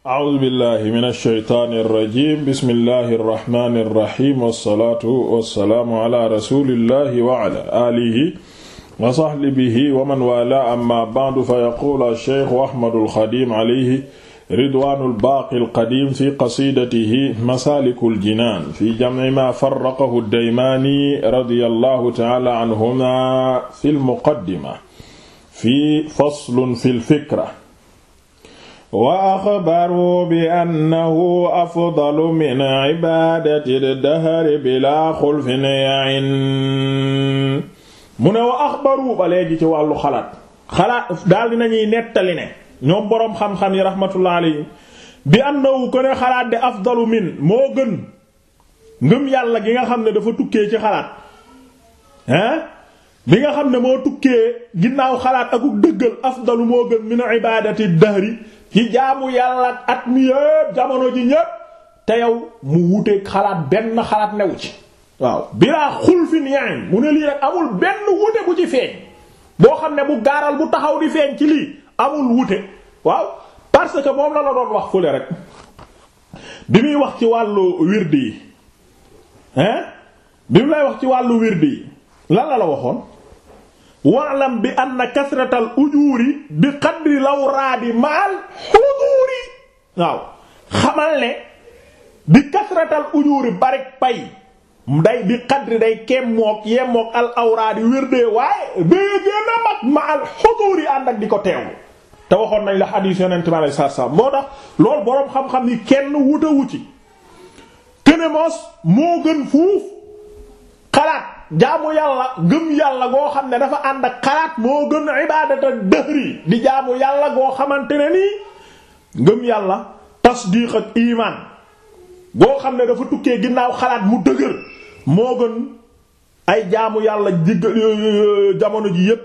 A'uuzu billahi mina shaytaani rajiim bismillahi rahmaani rahiim wassalaatu wassalaamu ala rasuulillahi wa ala aalihi wa sahbihi wa man waalaahu amma ba'du fa yaquulu ash-shaykhu Ahmadul Xadiim alayhi ridwaanul baaqil qadiim fi qasiidatihi masaalikul jinaan fi jam'i maa farraqahu ad-Daymaani radiyallahu ta'aala anhumaa fil muqaddima fi faslun fil fikra wa axbaru bi annahu afdalu min ibaadati mu ne wa axbaru ba léegi ci wàllu xalaat xalaat daal nañuy nettali ne ñoom boroom xam-xam yi rahmatullah alayhi bi annahu ko ne xalaat de afdalu min moo gën ngëm yàlla gi nga xam ne dafa tukkee ci xalaat hein bi nga xam ne moo tukkee ginnaaw xalaat ak akuk dëggal afdalu moo gën min ibaadati dahri ci jaamu yàlla at mi yépp jamono ji ñépp te yow mu wuteeg xalaat benn xalaat newu ci waaw bilaa xulfin yain mu ne lii rek amul benn wute ci feeñ boo xam ne bu gaaral bu taxaw di feeñ ci lii amul wute waaw parce que moom la la doon wax fële rek bi muy wax ci wàllu wirdi yi bi mu lay wax ci wàllu wirdi yi lan la la waxoon waalam bi anna kasratal ujuuri bi qadri lawraadi maal xuduuri waaw xamal ne bi kasratal ujuuri barik pay day bi qadri day kem mook yem al awraadi wérdee waaye bee gën a mag ma al xuduuri ànd ak di ko teewlu te waxoon nañ la xadiis yonent bi alayhi salaatu salaam moo tax loolu boroom xam-xam ni kenn wuta wuti këne moo gën fuuf xalaat jaamu yàlla gëm yàlla goo xam ne dafa ànd ak xalaat moo gën ibaadata di jaamu yàlla goo xamante ne nii ngëm yàlla tasdiq ak iman goo xam ne dafa tukkee ginnaaw xalaat mu dëgër moo gën ay jaamu yàlla digg jamono ji yépp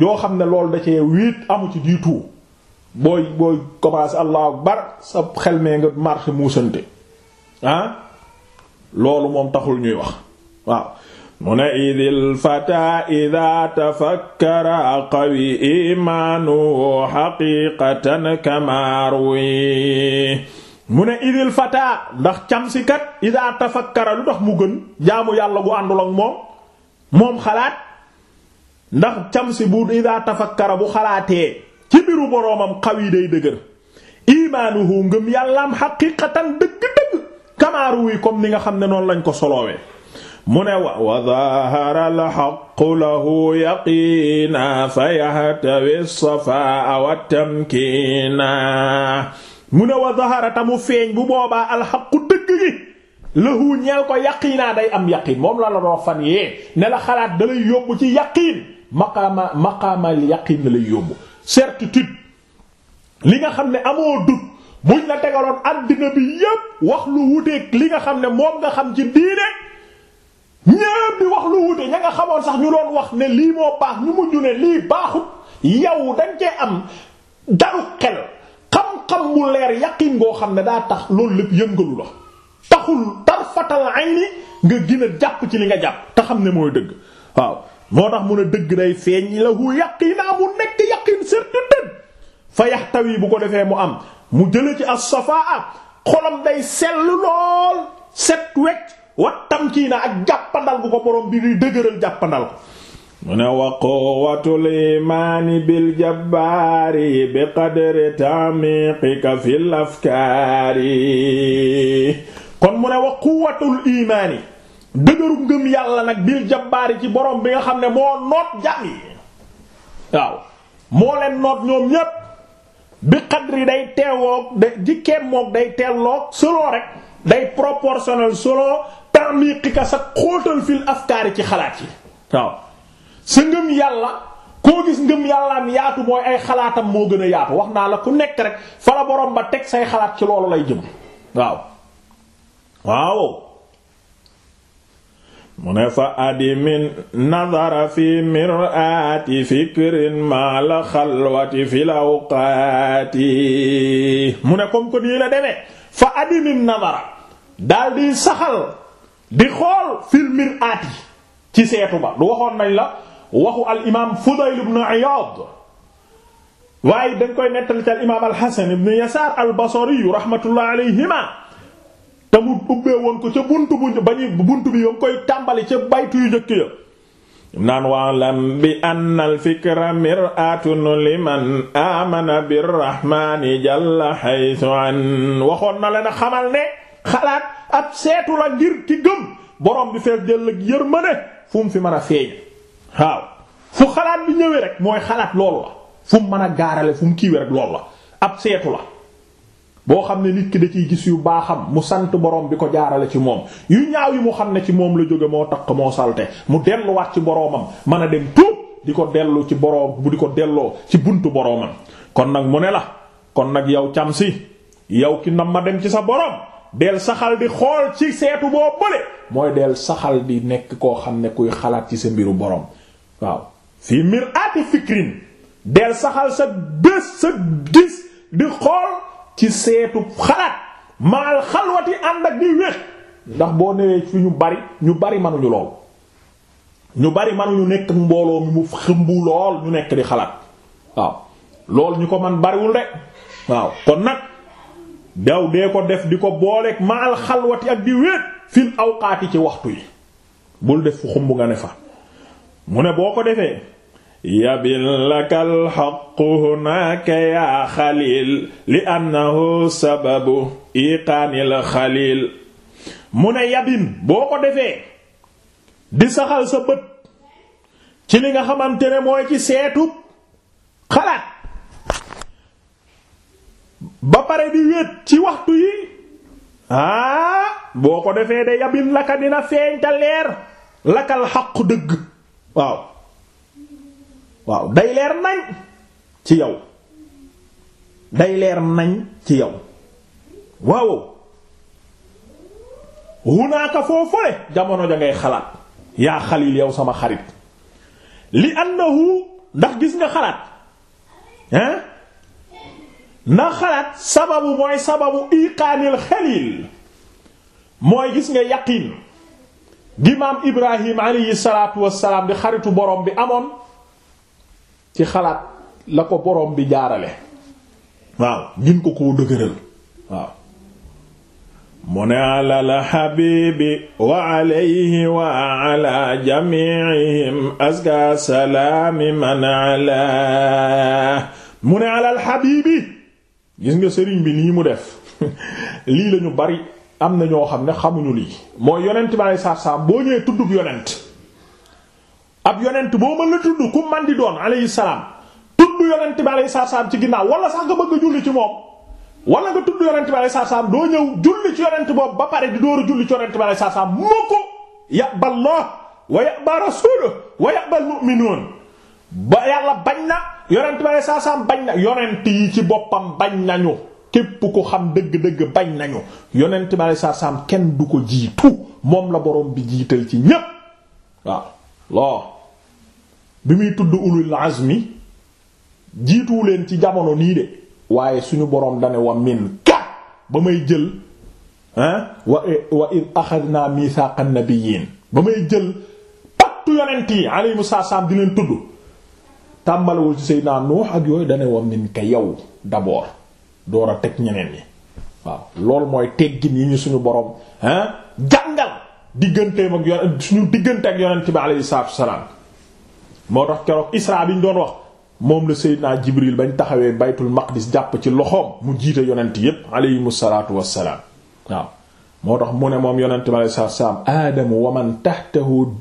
yoo xam ne loolu da cee wiit amu ci du tout booy booy commencé allahu akbar sa xel mee nga marché muusante ah? loolu moom taxul ñuy wax waaw mu ne idil fata ida tafakkara qawi imaanuhu xaqiqatan kamaaruwi mu ne idil fata ndax camsi kat ida tafakkara lu tax mu gën jaamu yàlla gu àndul ak moom moom xalaat ndax camsi bu ida tafakkara bu xalaatee ci biru boromam qawi day dëgër imaanuhu ngëm yàllaam xaqiqatan dëgg-dëgg kamaaruwi comme ni nga xam ne noonu lañ ko solowee mu ne wa wa zahara alxaqu lahu yaqiina fa yahtawi safaa wa tamkiina mu ne wa zahara tamu feeñ bu boobaa alxaqu dëgg gi lahu ñeel ko yaqiinaa day am yaqiin moom la la doo fan yee ne la xalaat da lay yóbbu ci yaqiin maqaama maqaamal yaqiin da lay yóbbu certitude li nga xam ne amoo doute buñ la tegaloon àddina bi yépp wax lu wuteek li nga xam ne moom nga xam ci diine ñépp di wax lu wute ña nga xamoon sax ñu doon wax ne lii moo baax ñu mujj ne lii baaxut yow dañ cee am daru xel xam-xam bu leer yaqin ngoo xam ne daa tax loolu lépp yëngalu la taxul tarfatal ayni nga gën a jàpp ci li nga jàpp te xam ne mooy dëgg waaw moo tax mun a dëgg day feeñ la hu yaqinaa mu nekk yaqin certitude fa yaxtawi bu ko defee mu am mu jële ci as-safaa xolam day sell lool set wecc wat tamkiina ak jàppandal bu ko borom bi di dëgëral jàppandal ko mu ne wa quwwatul imaani bil jabbaari bi qadri ta'miqika fil afkaari kon mu ne wa imaani dëgëru ngëm yàlla nag bil jabbaari ci borom bi nga xam ne moo noot jàmm yi waaw moo leen noot ñoom ñépp bi qadri day teewoog da jikkeem day teelloog solo rek day proportionnel selon tarmiqika sa xóotal fil afkaari ci xalaat yi waaw sa ngëm yàlla koo gis ngëm yàllaam yaatu mooy ay xalaatam moo gën a yaatu wax naa la ku nekk rek fa la borom ba teg say xalaat ci loolu lay jëm waaw waaw mu ne fa adimin nadara fi mirati fikrin ma la xalwati fi lawqaati mu ne comme que nii la demee fa adimin nadara daal di saxal di xool fil mir'aati ci seetu ba du waxoon nañ la waxu al imaam Fudayl ibn waaye dañ koy nettali ci al imaam al Yasaar al Basri te mu ubbee woon ko ca buntu bu bañu buntu bi yom koy tàmbali ca baytu yu njëkk ya naan waalam bi ann alfikra miratun liman amana birrahmani jalla haythu an waxoon na leen xamal ne xalaat ab seetu la ngir ki gëm borom bi fees dell ak yërmande fu mu fi mën a feeñ waaw fu xalaat bi ñëwee rek mooy xalaat loolu la fu mu mën a gaarale fu mu kiiwee rek loolu la ab seetu la boo xam ne nit ki da ciy gis yu baaxam mu sant borom bi ko jaarale ci moom yu ñaaw yi mu xam ne ci moom la jóge moo takk moo salte mu delluwaat ci boromam mën a dem tuub di ko dellu ci borom bu di ko delloo ci buntu boromam kon nag mu ne la kon nag yow cam si yow ki nam ma dem ci sa borom del saxal di xool ci seetu boo bële mooy del saxal di nekk koo xam ne kuy xalaat ci sa mbiru borom waaw fii mir aati del saxal sa bés sa gis di xool ci seetu xalaat maal xalwati ànd ak di wéet ndax boo newee fi ñu bari ñu bari manuñu lool ñu bari manuñu nekk mbooloo mi mu xëmbu lool ñu nekk di xalaat waaw lool ñu ko man bariwul rek waaw kon nag daw dee ko def di ko booleek ma xalwati ak di wéet fil awqaati ci waxtu yi bul def fu xumb nga ne fa mu ne boo ko defee yabil lakal xaqu hunaaka yaa xalil li annahu sababu iqaanil xalil mu ne yabin boo ko defee di saxal sa bët ci li nga xamante ne mooy ci seetu xalaat ba pare di wéet ci waxtu yi ah boo ko defee de yabin laka dina feeñ te leer lakkal xaqu dëgg waaw waaw day leer nañ ci yow day leer nañ ci yow waaw hunaaka foofale jamono ja ngay xalaat yaa xalil yow sama xarit li annahu ndax gis nga xalaat hein na xalaat sababu mooy sababu iqaanil xalil mooy gis nga yaqiin gi maam ibrahim alayhi salaatu wassalaam di xaritu borom bi amoon ci xalaat la ko borom bi jaarale waaw gin ko koo dëgëral mu ne alal habibi wa alayhi wa ala jamiihim azka salaami man ala mu ne alal habibi gis nga sëriñ bi nii mu def lii la ñu bari am na ñoo xam ne xamuñu lii mooy yonent bi aleyhi salaatu salaam boo ñëwee tuddub yonent ab yonent boo mën na tudd ku man di doon aleyhi salaam tudd yonent bi aleyhi salaatu salaam ci ginnaaw wala sax nga bëgg a julli ci moom wala nga tudd yonent bi aleyhi salaatu salaam doo ñëw julli ci yonent boobu ba pare di door a julli ci yonent bi aleyhi salaatu salaam moo ko yàbba Allah wa yàbba rasuuluhu wa yàbba al-mu'minuun ba yàlla bañ na yonent bi saa saam bañ na yonent yi ci boppam bañ nañu képp ko xam dëgg-dëgg bañ nañu yonent bi saa saam kenn du ko jiitu moom la borom bi jiital ci ñépp waaw loo bi muy tudd ulul azmi jiituwu leen ci jamono nii de waaye suñu borom dane wa min ka ba may jël ah wa wa id axadna mithaqa nabiyyin ba may jël pattu yonent yi alayhi salaam di leen tudd tàmbalewul ci Seydina Nuux ak yooyu dane woon nañ ko yow d'abord door a teg ñeneen ñi waaw loolu mooy teggin yi ñu suñu borom hein jàngal digganteem ak yonent suñu diggante ak yonent bi alayhi salaatu wassalaam moo tax keroog Isra bi ñu doon wax moom la Seydina Jibril bañ taxawee baytul maqdis jàpp ci loxoom mu jiite yonent yépp alayhimu salaatu wassalaam waaw moo tax mu ne moom yonent bi alayhi salaatu wassalaam aadamu waman tahtahu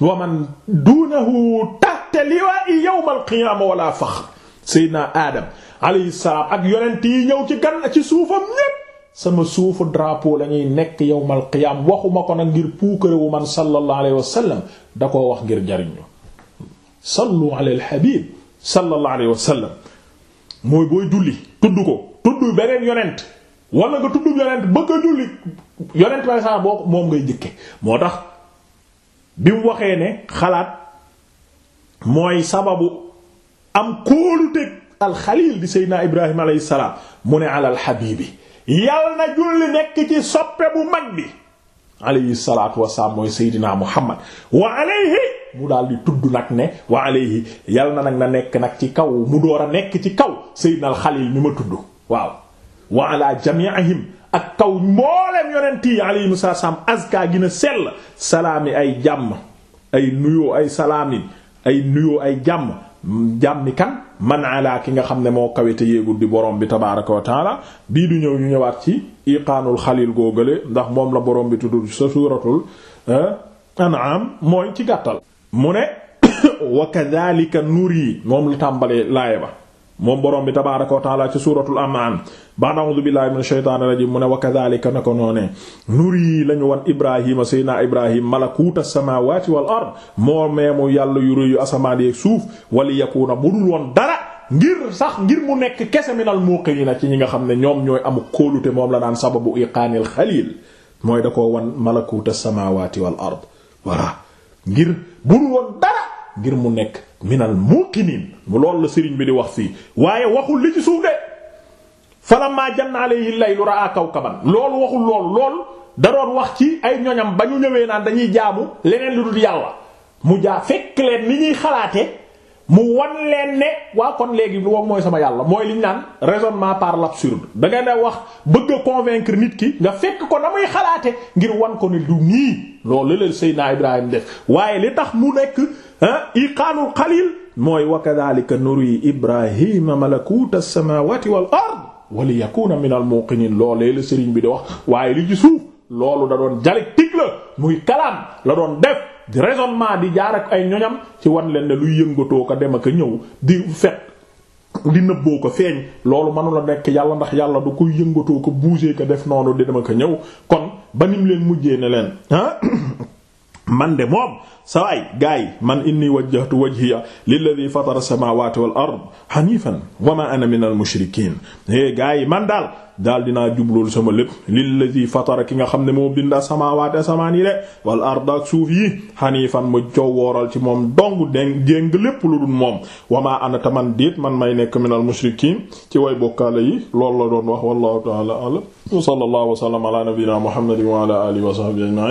waman duunahu ta tahta liwa'i yawmal qiyaama wala faxr seydina adam alayhi salaam ak yonent yi ñëw ci gan ci suufam ñépp sama suufu drapeau la ñuy nekk yawmal qiyaam waxuma ko nag ngir puukare wu man sallallahu alayhi wa da ko wax ngir jariñu sallu ala al sallallahu alayhi wa mooy booy julli tudd ko tudd beneen yonent wala nga tudd yonent bëgg a julli yonent ba saa boo moom ngay jëkke moo tax bi mu waxee ne xalaat mooy sababu am kóolu teg alxalil di seydina ibrahim alayhi mu ne alal xabiibi yal na julli nekk ci soppe bu mag bi alayhi salaatu wasalaam mooy seydina muhammad wa alayhi mu daal di tudd nag ne wa alayhi yal na nag na nekk nag ci kaw mu door a nekk ci kaw seydina alxalil mi ma tudd waaw wa ala jamiihim ak kaw mboolem yonent yi alayhimu salaam azka gina sell salaami ay jàmm ay nuyoo ay salaami ay nuyoo ay jàmm jàmm ni kan man ala ki nga xam ne moo kawete yéegul di borom bi tabaaraka wa taala bii du ñëw ñu ñëwaat ci iqaanul xalil góogale ndax moom la borom bi tudd sa suuratul eh, an'am mooy ci gàttal mu ne wa kadhalika nuri moom la tàmbalee laaya ba moom borom bi tabaaraka wa taala ci suuratul amaan ba'd a'uudu billaahi minash shaytaanir rajiim mu ne wa kadhalika na ko noonee nuri lañu wan ibrahima seydina ibrahim malakuuta samaawaati wal ard moo meemu yàlla yu rëyu asamaan yeeg suuf wali yakuna bu dul woon dara ngir sax ngir mu nekk kese minal muuqiniina ci ñi nga xam ne ñoom ñooy amu kóolute moom la naan sababu iqaanil xaliil mooy da ko wan malakuuta samaawaati wal ard wala ngir bu dul woon dara ngir mu nekk minal muqinin loolu la sëriñ bi di wax fii waaye waxul li ci suuf de falamma janna alayhi laylu ra'a kawkaban lool waxul lool loolu da wax ci ay ñoñam ba ñu ñëwee naan dañuy jaamu leneen lu dul yàlla mu jaa fekk leen ni ñuy xalaate mu wan leen ne waa kon léegi lu wom mooy sama yàlla mooy liñ naan raisonnement par l'absurde da nga ne wax bëgg a convaincre nit ki nga fekk ko na muy xalaate ngir wan ko ne du nii loolu la Seydina Ibrahima def waaye li tax mu nekk ah, iqaanul xalil mooy wa kadhalika nuri ibrahima malakuta as-samawati wal ard wa li yakuna min al muqinin loolee la sëriñ bi di wax waaye li ci suuf loolu da doon dialectique la muy kalaam la doon def raisonnement di jaar ak ay ñoñam ci wan leen ne luy yëngatoo ko dem ak a ñëw di fet di nëbboo ko feeñ loolu manula nekk yàlla ndax yàlla du koy yëngatoo ko bouger ko def noonu di dem ak a ñëw kon ba nim leen mujje ne leen ah, man de moom sawaay gaay man inni wajjahtu wajhiya lilladi fatara samawati wal ard hanifan wa ma ana min al mushrikin é eh, gaay man daal daal dinaa jublool sama lépp lilladi fatara ki nga xam ne moo binda samawati asamaan yi de wal ard ak suuf yi hanifan mu jow ci moom dong déng jéng lépp lu dul moom wa ma ana taman déet man may nekk min al mushrikin ci way bokkaale yi loolu la doon wax wallahu ta'ala a'lam wa sallallahu wa sallama ala nabiyyina muhammadin wa